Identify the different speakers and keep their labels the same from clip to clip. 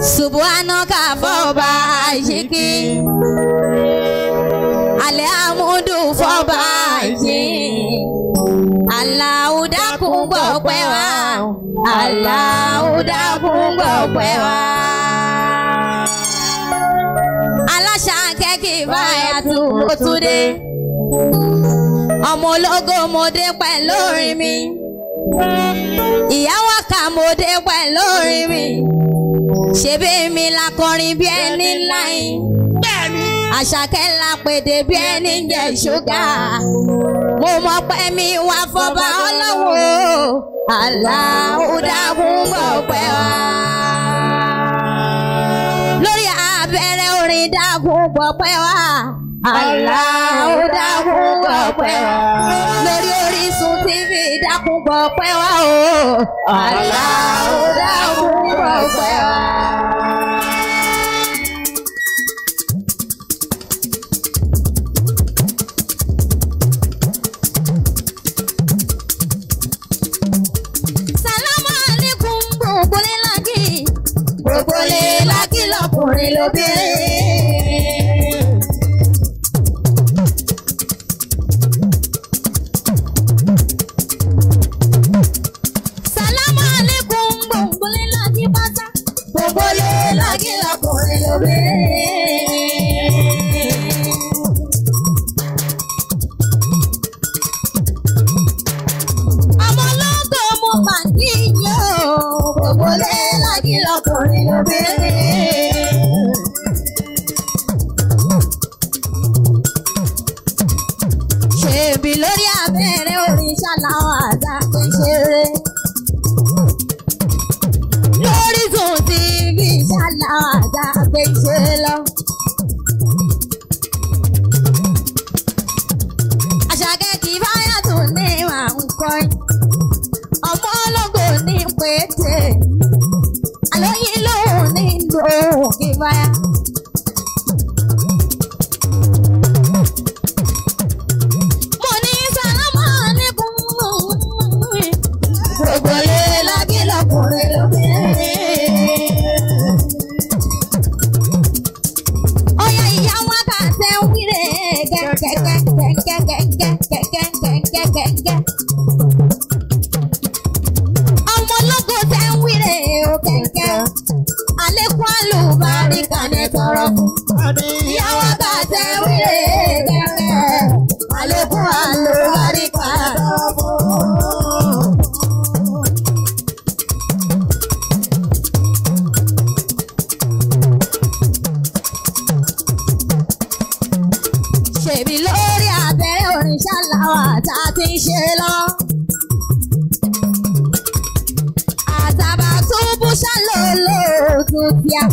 Speaker 1: Subhanaka fọba àṣekí. Alẹ́ àmúdù fọba àṣekí. Allahu dákun gbọ́ pẹ́ wá. Allahu dákun gbọ́ pẹ́ wá. Aláṣà kẹ́kì báyà tún ó tún dé. Ọmọ ológo mo dé pẹ̀lú orin mi. Ìyá wa kà mo dé pẹ̀lú orin mi ṣebí mi la kọrin bí ẹni láì. àṣàkẹ́ la pèdè bí ẹni jẹ ṣúgà. mo mọ pé mi wá fọba ọlọ́wọ́ aláwùdágún bọ̀ pẹ́ wá. lórí abẹ́rẹ́ orin dágún bọ̀ pẹ́ wá. aláwùdágún bọ̀ pẹ́ wá. lórí Orísun TV dákun bọ̀ pẹ́ wá o. aláwùdágún bọ̀ pẹ́ wá. Águila por el obey. Gbogbo lẹ́la kí lọkùnrin ló Jagbé iṣẹ́ lọ. ti ń ṣe lọ. Àtàbà tún bú ṣàlòlò tó tíà.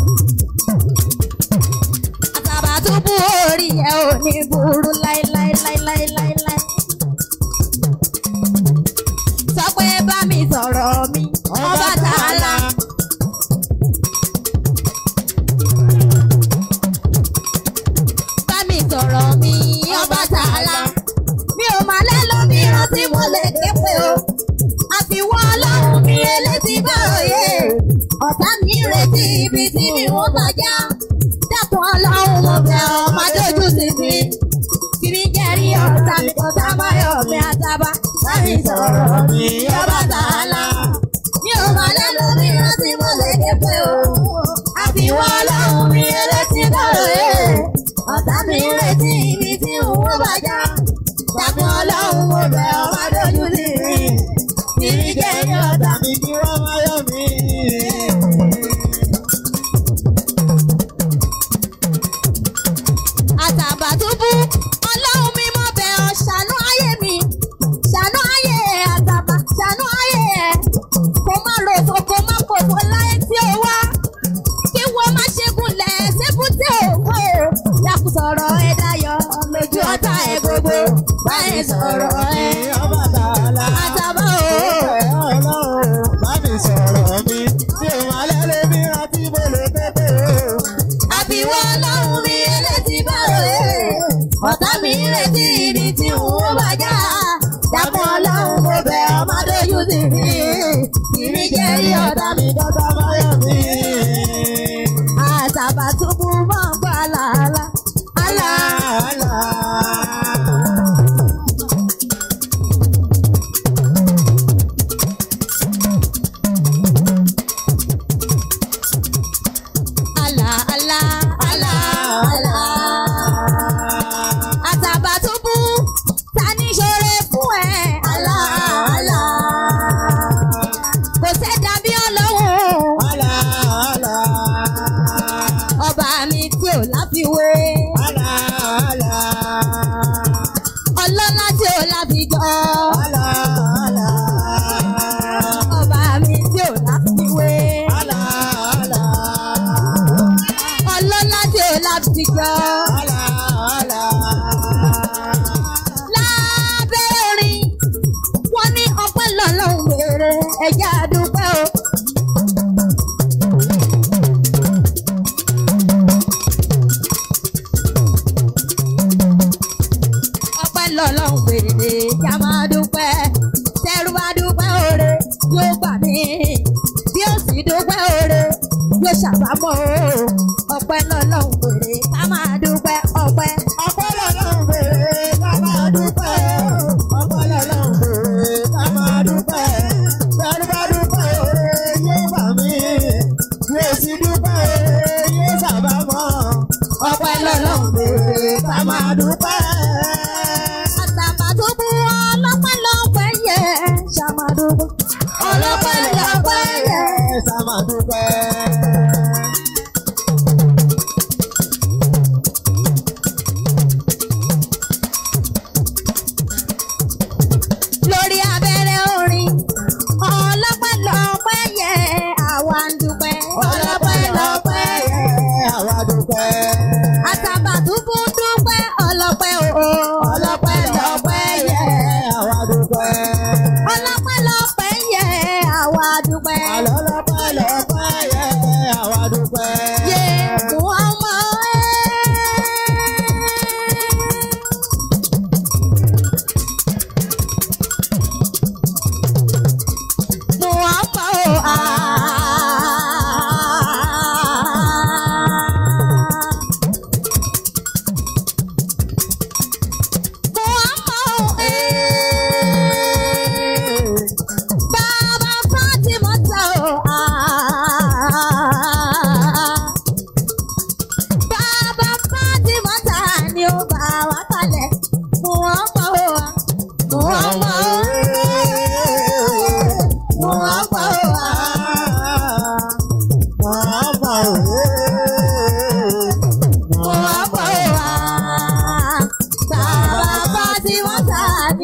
Speaker 1: ibi tí mi ò kọjá dákun ọlọ́run mo bẹ̀ ọ́ má dójú sí mi. kìrìjẹ́rì ọ̀tá mi kò sábà yọ̀ mi àtàbà sábì sọ̀rọ̀ mi yọba sọ̀rọ̀ ẹ láyọ̀ lójú ọ̀tá ẹ gbogbo báyìí sọ̀rọ̀ ẹ. Bye. Bye. ṣàbámọ̀ ọpẹ́ lọ́lọ́run bèrè ká máa dúpẹ́ ọpẹ́ ọpẹ́ lọ́lọ́run bèrè ká máa dúpẹ́ ọpẹ́ lọ́lọ́run bèrè ká máa dúpẹ́ dárúbá dúpẹ́ yé bà mí yé sì dúpẹ́ yé ṣàbámọ̀ ọpẹ́ lọ́lọ́run bèrè ká máa dúpẹ́.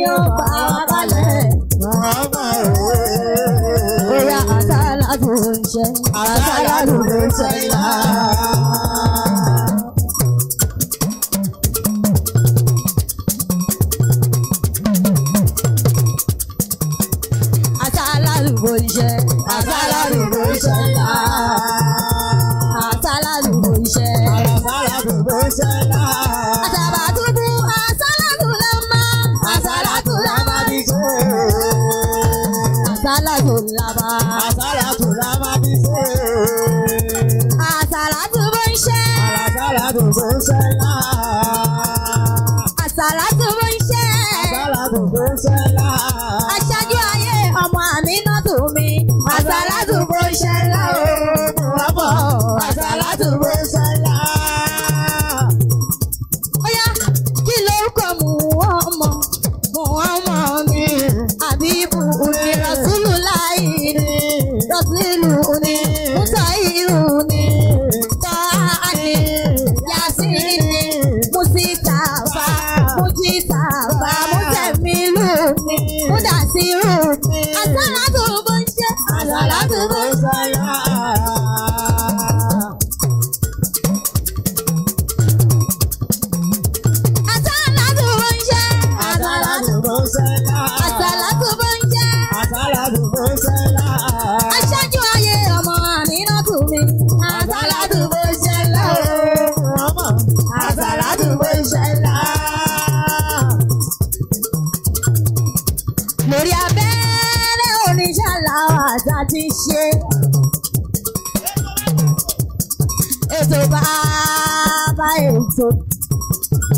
Speaker 1: your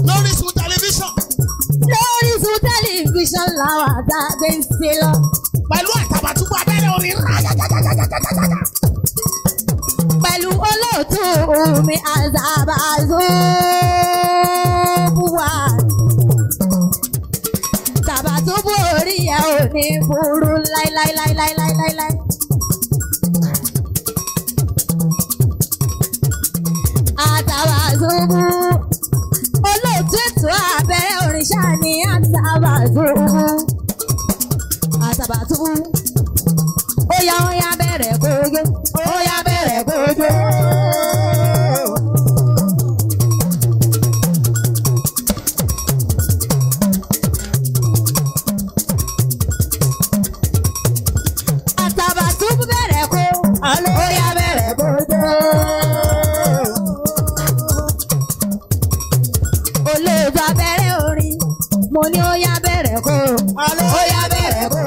Speaker 1: lóríṣun tẹlifíṣàn. lóríṣun tẹlifíṣàn làwọn àtàgbé ń ṣe lọ. pẹ̀lú àtàbàtúbú abẹ́rẹ́ orin rájájájájájájájá. pẹ̀lú olóòtú omi àzàbàzó buwa. tàbàtúbú orí ẹ̀ ò ní burú láíláíláíláíláíláí. àtàbàtúbú. ó yá bẹ̀rẹ̀ kó ó yá bẹ̀rẹ̀ kó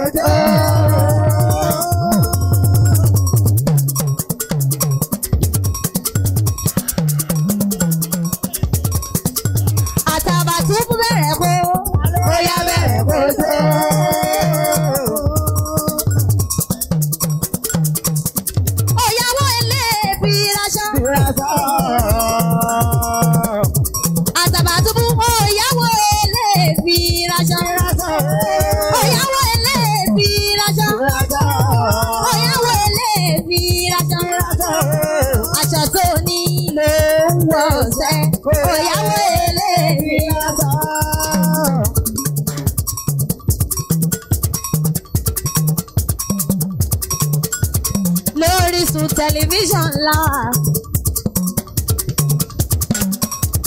Speaker 1: tẹlifíṣàn ńlá.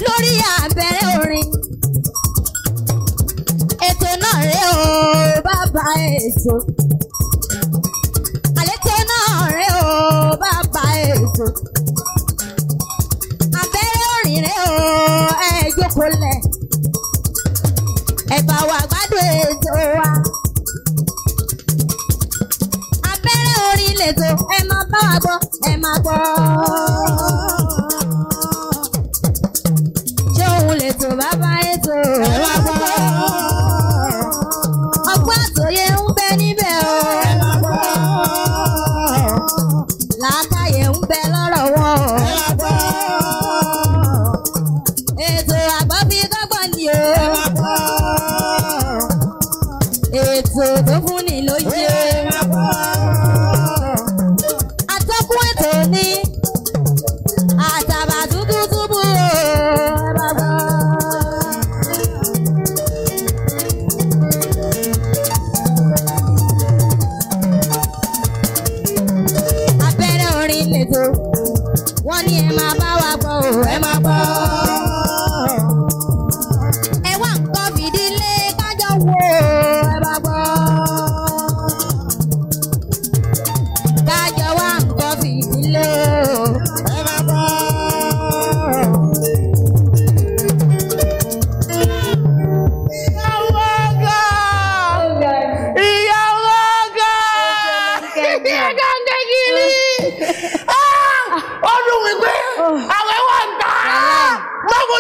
Speaker 1: lórí abẹ́rẹ́ orin ètò náà rèé o bàbá ètò. àlétò náà rèé o bàbá ètò. abẹ́rẹ́ orin rèé o ẹ jókòó lẹ̀ gbádùn ètò wa. lẹ́tọ̀ ẹ máa bá wa gbọ́ ẹ my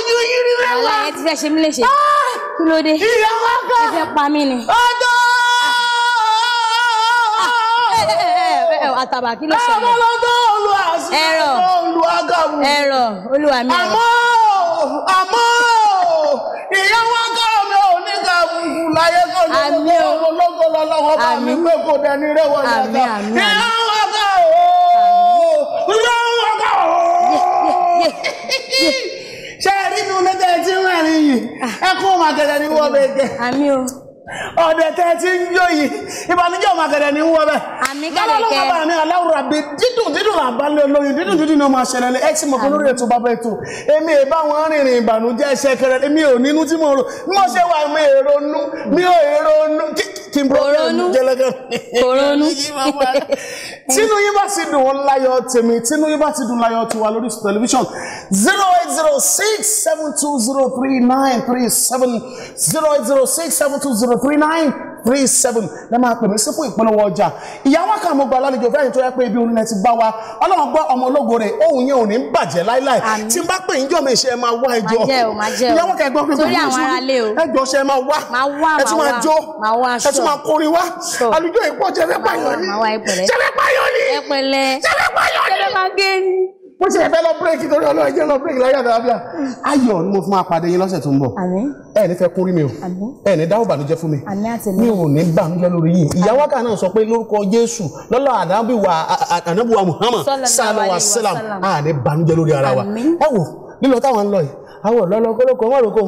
Speaker 1: ojú yín rí mẹ́wàá. wàhálà ẹ ti fẹ́ ṣe mí léṣe ah! kí ló dé ìyàwó kan ẹ fẹ́ pa mí ni. ọjọ́ ah! àtàbà kí ló ṣẹlẹ̀. ẹ̀rọ lọ́dọ̀ olùwà sí olùwà gàmù. ẹ̀rọ olùwà mi. àmọ́ àmọ́ ìyàwó gàmù ò ní gàmù láyé kò ní ológo lọ́wọ́ bá mi pé kò dẹni rẹwọ̀ yàtọ̀. ìyàwó gàmù ìyàwó gàmù
Speaker 2: ṣé ẹ rí inú nẹ́tẹ̀ tí ń rìn yìí ah. ẹkún màkẹ́rẹ́ ní wọ́ bẹ́ẹ̀ gẹ́. àmì o. ọ̀dẹ̀ tẹ́ ẹ ti ń yó yìí ìbànújẹ́ màkẹ́rẹ́ ní wọ́ bẹ́ẹ̀. àmì kẹlẹ̀kẹ́ lọ́lọ́wọ́ bá mi aláwùrà bí dídùn dídùn àbálẹ̀ olóyin dídùn dídùn ni mo àṣẹlẹ̀ ẹ tí mo fún lórí ètò bàbá ètò èmi ì bá wọn rìnrìn ìbànújẹ́ ṣẹkẹrẹ èmi kí n program jẹlẹgàn kòrónú tínú yín bá ti dùn láyọ̀ tèmi tínú yín bá ti dùn láyọ̀ tiwa lórí tẹlifíṣàn zero eight zero six seven two zero three nine three seven zero eight zero six seven two zero three nine three seven lẹ́ máa pè mí sí fún ìpolówó ọjà ìyá wa kà mo gba lálejò fẹ́yìn tó yẹ pé ibi orin ẹ ti bá wa ọlọ́run gbọ́ ọmọ ológo rẹ̀ ohun yẹn ò ní bàjẹ́ láíláì tí n bá pè ń jọ mi ṣe máa wá ẹjọ́ ìyá wa gbọ́ pé ẹjọ́ ṣe máa wá ẹ máa jó ẹ máa kọrin wá àlùjọ ìpọ́jẹ́
Speaker 1: fẹ́ pààyàn ni ṣẹlẹ̀ pààyàn ni ṣẹlẹ̀ pààyàn ni
Speaker 2: bó ṣe fẹ́ lọ bírèkì torí ọlọ́run ẹjẹ́ lọ bírèkì láyé àdáyébíà ayọ̀ ni mo fún wa pàdé yín lọ́sẹ̀ tó ń bọ̀ ẹ ní fẹ́ kún rí mi o ẹ ní dáwọ́ ìbànújẹ́ fún mi mi ò ní bànújẹ́ lórí yìí ìyàwó kan náà sọ pé lórúkọ Jésù lọ́lọ́ ànábìwà ànábìwà Muhammad sallallahu alaihi wasallam a ní lórí ara wa ẹ wò lílọ táwọn ń lọ yìí àwọn lọ́lọ́kọ́lọ́kọ́ mọ́rọ̀kọ́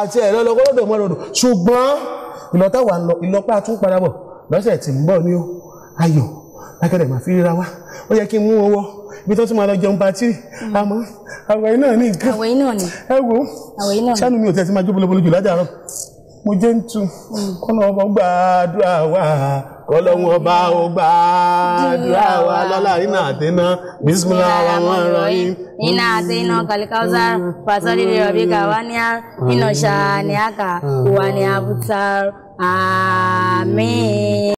Speaker 2: àti ẹ̀ lọ́lọ́kọ́lọ́dọ̀ mọ́rọ̀dọ̀ ṣùgbọ́n ìlọ táwọn ń lọ ìlọpá tún padà bọ̀ lọ́sẹ̀ tí ń bọ̀ ní o ayọ̀ lákẹ́rẹ̀ màá fi ríra wa ó yẹ kí ibi tó tún máa lọ jẹun patí hmm. àmọ́ àwẹ̀ náà ní nǹkan àwẹ̀ náà ní ẹ wo sánú mi ò tẹ́ sí máa jó bolobolo jù ládàárọ̀ mo jẹ́ ń tu hmm. kọ́nà ọmọ gbàdúrà wà kọ́lọ́hún ọba ó gbàdúrà wà lọ́la iná àtẹ́ná bísímìlá wa wọ́n rọ yín.
Speaker 1: iná àtẹ́ná kàlíkàwùsà hmm. pàtọ́lì rẹ̀ ọ̀bí kàwá ní ìnàṣà ní àkà wà ní àbútà àmín.